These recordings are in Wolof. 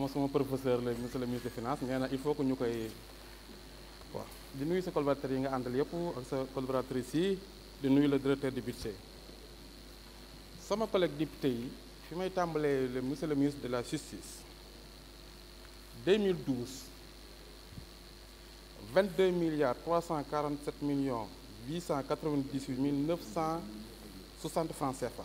sama sama professeur léegi monsieur le ministre des finances nee na il faut que ñu koy waaw di nuyu sa collaborateurs yi nga àndal yëpp ak yi di nuyu le directeur du budget sama collègue député yi fi may tàmbalee le monsieur le ministre de la justice 2012 cent milliards 347 millions cent dix 898 mille cent 960 francs CFA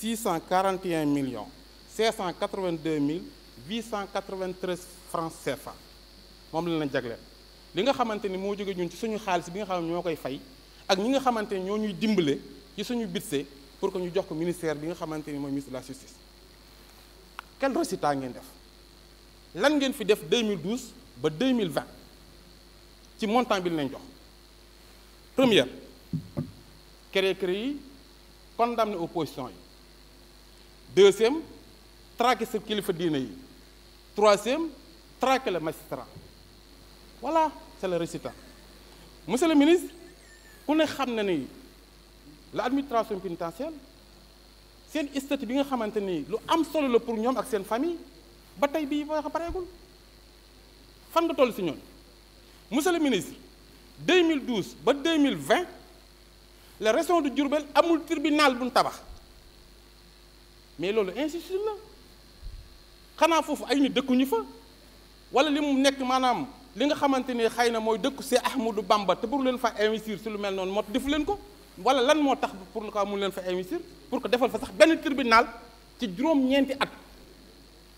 641 millions 582 mille 893 francs CFA moom la leen jagleel li nga xamante ni moo jóge ñun ci suñu xaalis bi nga xam ne ñoo koy fay ak ñi nga xamante ni ñoo ñuy dimbale ci suñu budget pour que ñu jox ko ministère bi nga xamante ni mooy ministre de la justice quel résultat ngeen def lan ngeen fi def 2012 ba 2020 ci montant bi lañ jox première créé créé yi condamné opposition yi deuxième traquer sa kilifa diine yi troisième traquer le magistrat voilà c'est le résultat monsieur le ministre ku ne xam na ni l'administration pénitentiaire seen statut bi nga xamante ni lu am solo la pour ñoom ak seen famille ba tey bii boo xa pareegul fan nga toll si ñoom monsieur le ministre 2012 ba 2020 la région de Diourbel amul tribunal bu ñu tabax. mais loolu injustice la xanaa foofu ay nit dëkkuñu fa wala li mu nekk maanaam li nga xamante ne xëy na mooy dëkku see Ahmadou Bamba te pour leen fa investir si lu mel noonu moo defu leen ko wala lan moo tax pour le ko amul leen fa investir pour que defal fa sax benn tribunal ci juróom-ñeenti at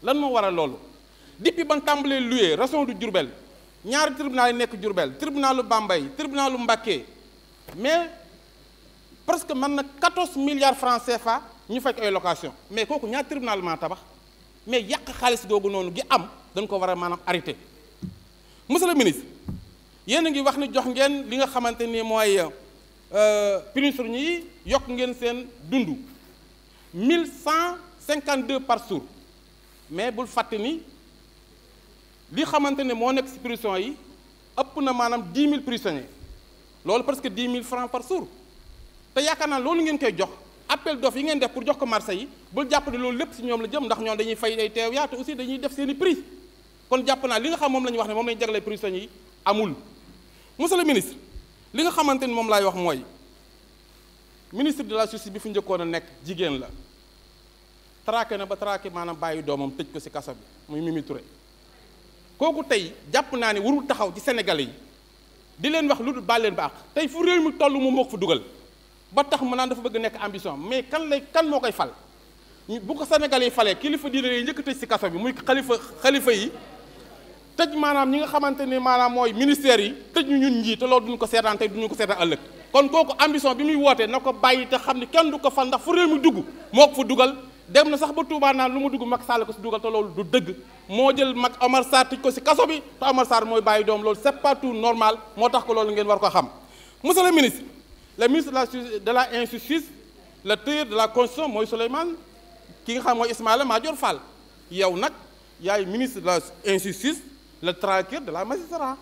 lan moo war a loolu depuis ba tàmbalee loué région du Diourbel ñaari tribunal yi nekk Diourbel tribunalu Bambey tribunalu Mbacké mais presque mën na quato milliards francs CFA ñu faj ay location mais kooku ñaar tribunal maa tabax mais yàq xaalis googu noonu gi am dañ ko war a maanaam arrêté monsieur ministre yéen a ngi wax ni jox ngeen li nga xamante ni mooy ministre euh, ñi yokk ngeen seen dund mille cent cinquante deux par jour mais bul fàtte ni li xamante ne moo nekk ci prison yi ëpp na maanaam dix mille prisonniers loolu presque dix mille francs par jour te yaakaar naa loolu ngeen koy jox appel d'offre yi ngeen def pour jox ko marché yi bul jàpp ne loolu lépp si ñoom la jëm ndax ñoom dañuy fay ay teew yaa te aussi dañuy def seen i kon jàpp naa li nga xam moom la ñu wax ne moom la ñu jagleel prisonniers yi amul monsieur le ministre li nga xamante ni moom laay wax mooy ministre de la justice bi fu njëkkoon a nekk jigéen la traqué na ba traqué maanaam bàyyi doomam tëj ko si kaso bi muy Mimi Touré kooku tey jàpp naa ne warul taxaw ci Sénégalais yi di leen wax lu dul baal leen ba tey fu réew mi toll mu moo ko dugal ba tax mu naan dafa bëgg nekk ambition mais kan lay kan moo koy fal bu ko Sénégal yi falee kilifa diine yi njëkk tëj si kaso bi muy xalifa xalifa yi tëj maanaam ñi nga xamante ne maanaam mooy ministère yi tëj ñu ñun ñii te loolu duñu ko seetaan tey duñu ko seetaan ëllëg kon kooku ambition bi muy wootee na ko bàyyi te xam ne kenn du ko fal ndax fu réew mi dugg moo ko fa dugal dem na sax ba Touba naan lu mu dugg Macky Sall ko si dugal te loolu du dëgg moo jël mag Omar Sarr ko si kaso bi te Omar mooy bàyyi doom loolu c'est pas normal moo tax ko loolu ngeen war ko xam monsieur le le ministre de la de la injustice le tailleur de la constitution mooy Souleymane ki nga xam mooy Ismaïla Madior Fall yow nag yaay ministre la injustice le traqueur de la magistrat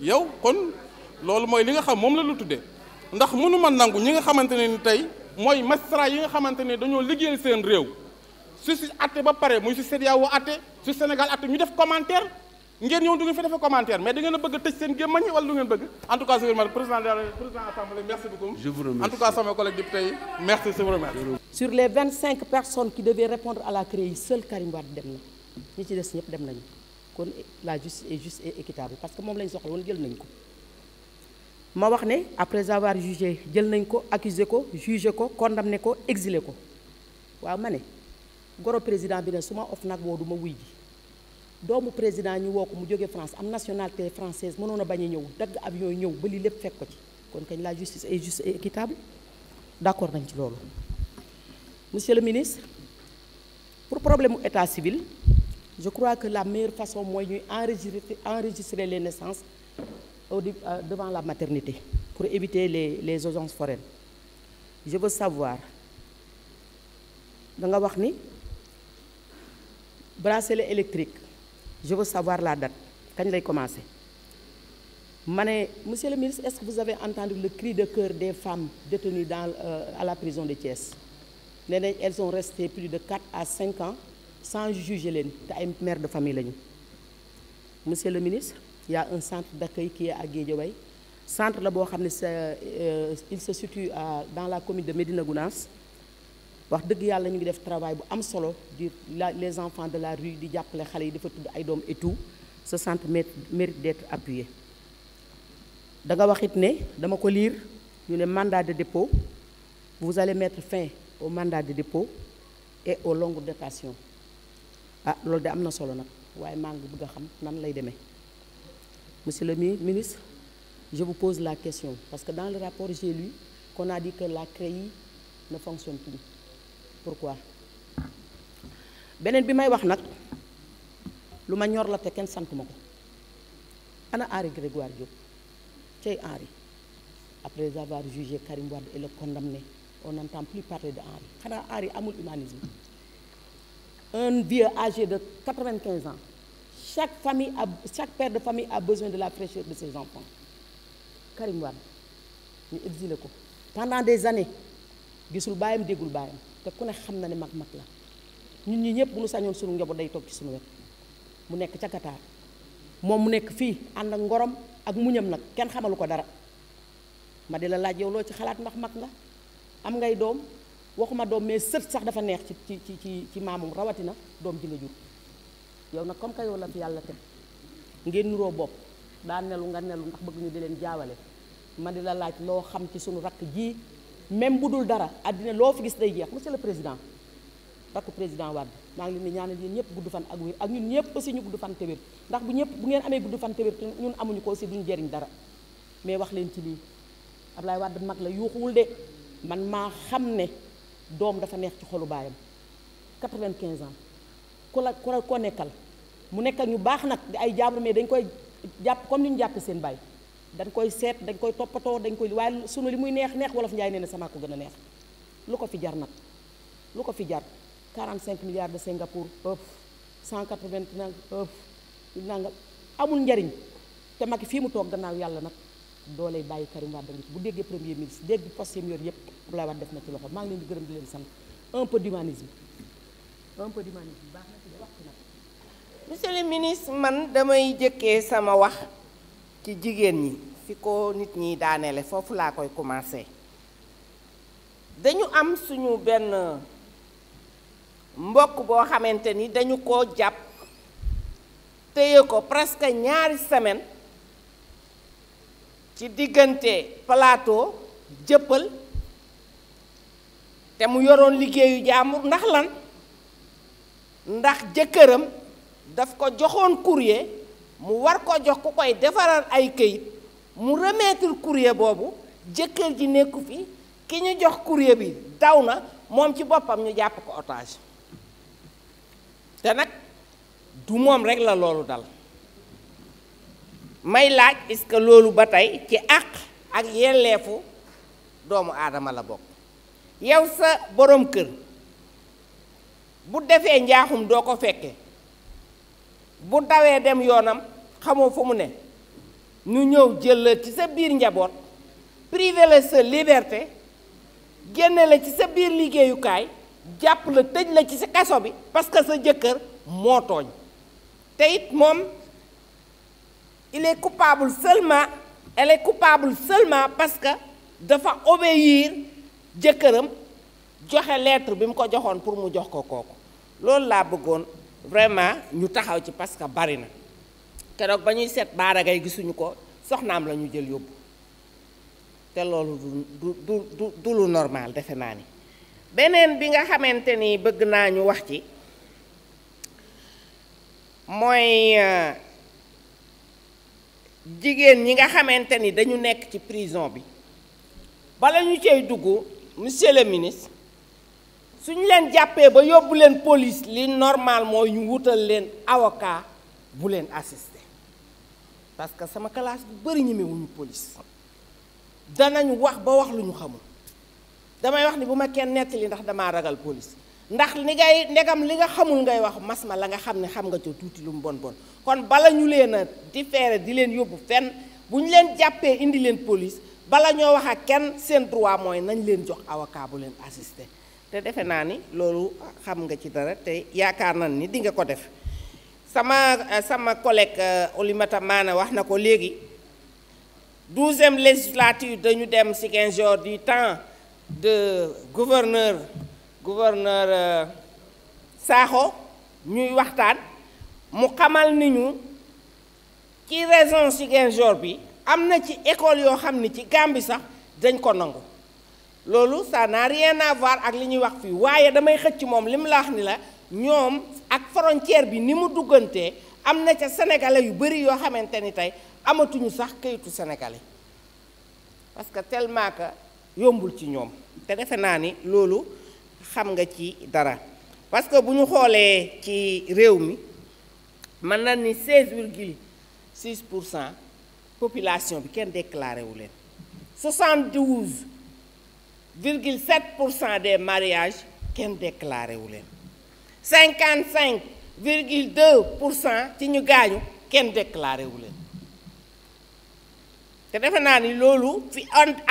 yow kon loolu mooy li nga xam moom la lu tuddee ndax mënu ma nangu ñi nga xamante ne ni tey mooy magistrat yi nga xamante ne dañoo liggéeyal seen réew su si atte ba pare muy si CEDEAO atte su Sénégal atte ñu def commentaire ngeen ñëw du ngeen fi defee commentaire mais da ngeen bëgg tëj seen gémmañ wala lu ngeen bëgg en tout cas je vous vingt cinq personnes qui devaient répondre à la CREI seul Karim des dem nañu kon la justice est juste et équitable parce que moom ko. ma wax ne après avoir jugé jël nañ ko accusé ko jugé ko condamné ko exilé ko waaw ma ne goro président bi ne su ma of nag woo du ma wuy ji. doomu président ñu woo ko mu jóge France am nationalité française mënoon a a ñëw dagg avion ñëw ba li lépp fekk ko ci kon kañ la justice est juste et équitable d'accord nañ ci loolu. monsieur le ministre pour problème mu état civil je crois que la meilleure façon mooy ñuy enregistrer enregistrer les naissances au euh, devant la maternité pour éviter les les urgences foraines je veux savoir da nga wax ni bracelet électrique. je veux savoir la date kañ lay commencer ma ne monsieur le ministre est-ce que vous avez entendu le cri de cœur des femmes détenues dans euh, à la prison de Thiès nee nañ elles ont resté plus de 4 à 5 ans sans juger leen te ay mère de famille lañu monsieur le ministre il y a un centre d'accueil qui est à Guédiawaye centre la boo xam ne euh, il se situe à dans la commune de Médina Gounass wax dëgg yàlla ñu ngi def travail bu am solo di la les enfants de la rue di jàppale xale yi dafa tudd ay doom et tout ce centre mérite d'être appuyé da nga wax it ne dama ko liir ñu ne mandat de dépôt vous allez mettre fin au mandat de dépôt et aux longues détentions ah loolu de am na solo nag waaye màng ngi bëgg a xam nan lay demee monsieur le ministre je vous pose la question parce que dans le rapport j'ai lu qu'on a dit que la CREI ne fonctionne plus pourquoi beneen bi may wax nag lu ma ñor la te kenn sant ma ko ana Henri Grégoire Diop cey Henri après avoir jugé Karim Wade et le condamné on n'entend plus parler de Henri xanaa Henri amul humanisme un vieux âgé de 95 ans chaque famille a chaque père de famille a besoin de la fraîcheur de ses enfants Karim Wade ñu exilé ko pendant des années gisul baayam déggul baayam te ku ne xam na ne mag-mag la ñun ñi ñëpp bu ñu sañoon suñu njaboot day toog ci suñu wet mu nekk ca Qatar moom mu nekk fii ànd ak ngorom ak muñam nag kenn xamalu ko dara ma di la laaj yow loo ci xalaat ndax mag nga am ngay doom waxuma doom mais sët sax dafa neex ci ci ci ci maamum rawatina doom ji nga jur yow nag comme yàlla teg ngeen nuroo bopp daa nelu nga nelu ndax bëgg ñu di leen jaawale ma di la laaj loo xam ci suñu rakk ji même bu dul dara àddina loo fi gis day jeex monsieur le président rakk président Wade maa ngi leen di ñaanal yéen ñëpp gudd fan ak wér ak ñun ñëpp aussi ñu gudd fan te wér ndax bu ñëpp bu ngeen amee gudd fan te wér ñun amuñu ko aussi duñu jëriñ dara mais wax leen ci lii Ablaye Wade mag la yuuxuwul de man maa xam ne doom dafa neex ci xolu baayam 95 ans ku la ku la ko nekkal mu nekkal ñu baax nag di ay jaabur mais dañ koy jàpp comme ni ñu jàppee seen baay. dañ koy seet dañ koy toppatoo dañ koy waaye sunu li muy neex neex wolof njaay nee na sama ko gën a neex lu ko fi jar nag lu ko fi jar 45 milliards de Singapour ëpp 180 nag ëpp nanga amul njariñ te Macky fii mu toog gannaaw yàlla nag doolay bàyyi Karim Wade ngi bu déggee premier ministre dégg poste yam yor yëpp Abdoulaye Wade def na ci maa leen gërëm di leen sant un peu d'humanisme un peu d'humanisme baax na ci ministre man damay jëkkee sama wax ci jigéen ñi fi ko nit ñi daaneele foofu laa koy commencé dañu am suñu benn mbokk boo xamante ni dañu ko jàpp téye ko presque ñaari semaine ci diggante palaatoo jëppal te mu yoroon liggéeyu jaamur ndax lan ndax jëkkëram daf ko joxoon courrier mu war ko jox ku koy defaral ay kayit mu remettre courrier boobu jëkkër ji nekku fi ki ñu jox courrier bi daw na moom ci boppam ñu jàpp ko otage te nag du moom rek la loolu dal may laaj est-ce loolu ba tey ci àq ak yelleefu doomu aadama la bokk yow sa boroom kër bu defee njaaxum doo ko fekke bu dawee dem yoonam xamoo fu mu ne ñu ñëw jël la ci sa biir njaboot privé la sa liberté génne la ci sa biir liggéeyukaay jàpp la tëj la ci sa kaso bi parce que sa jëkkër moo tooñ te moom il est coupable seulement elle est coupable seulement parce que dafa obéir jëkkëram joxe lettre bi mu ko joxoon pour mu jox ko kooku loolu laa bëggoon vraiment ñu taxaw ci parce que bari na keroog ba ñuy seet baaragay gisuñu ko soxnaam la ñu jël yóbbu te loolu du du du lu normal defe naa ni beneen bi nga xamante ni bëgg naa ñu wax ci mooy euh, jigéen ñi nga xamante ni dañu nekk ci prison bi bala ñu cay dugg monsieur le ministre suñu leen jàppee ba yóbbu leen police li normal mooy ñu wutal leen avocat bu leen assister parce que sama kalaas bu bëri ñemewuñu police danañu wax ba wax lu ñu xamul damay wax ni bu ma kenn nettali ndax damaa ragal police ndax li ngay ndegam li nga xamul ngay wax mas ma la nga xam ne xam nga ca tuuti lu mu bon bon kon bala ñu leen a différer di leen yóbbu fenn bu ñu leen jàppee indi leen police bala ñoo wax ak kenn seen droit mooy nañ leen jox avocat bu leen assister te defe naa ni loolu xam nga ci dara te yaakaar na ni di nga ko def sama euh, sama collègue euh, Oulimata Maana wax na ko léegi douzième législature dañu dem si quinze jours du temps de gouverneur gouverneur euh, Sakho ñuy waxtaan mu xamal ni ñu ci région Ziguinchor bi am na ci école yoo xam ni ci Gàmbi sax dañ ko nangu loolu ça n'a rien à voir ak li ñuy wax fii waaye damay xëcc moom li mu la ni la ñoom ak frontière bi ni mu duggantee am na ca sénégalais yu bëri yoo xamante ni tey amatuñu sax kayitu sénégalais parce que tellement que yombul ci ñoom te defe naa ni loolu xam nga ci dara parce que bu ñu xoolee ci réew mi mën na ni 16 virgule 6 pour cent population bi kenn déclaré leen virgule 7 pour cent des mariages kenn déclaré wu leen 55 virgule 2 pour cent ci ñu gaañu kenn déclaré leen te defe naa loolu fi at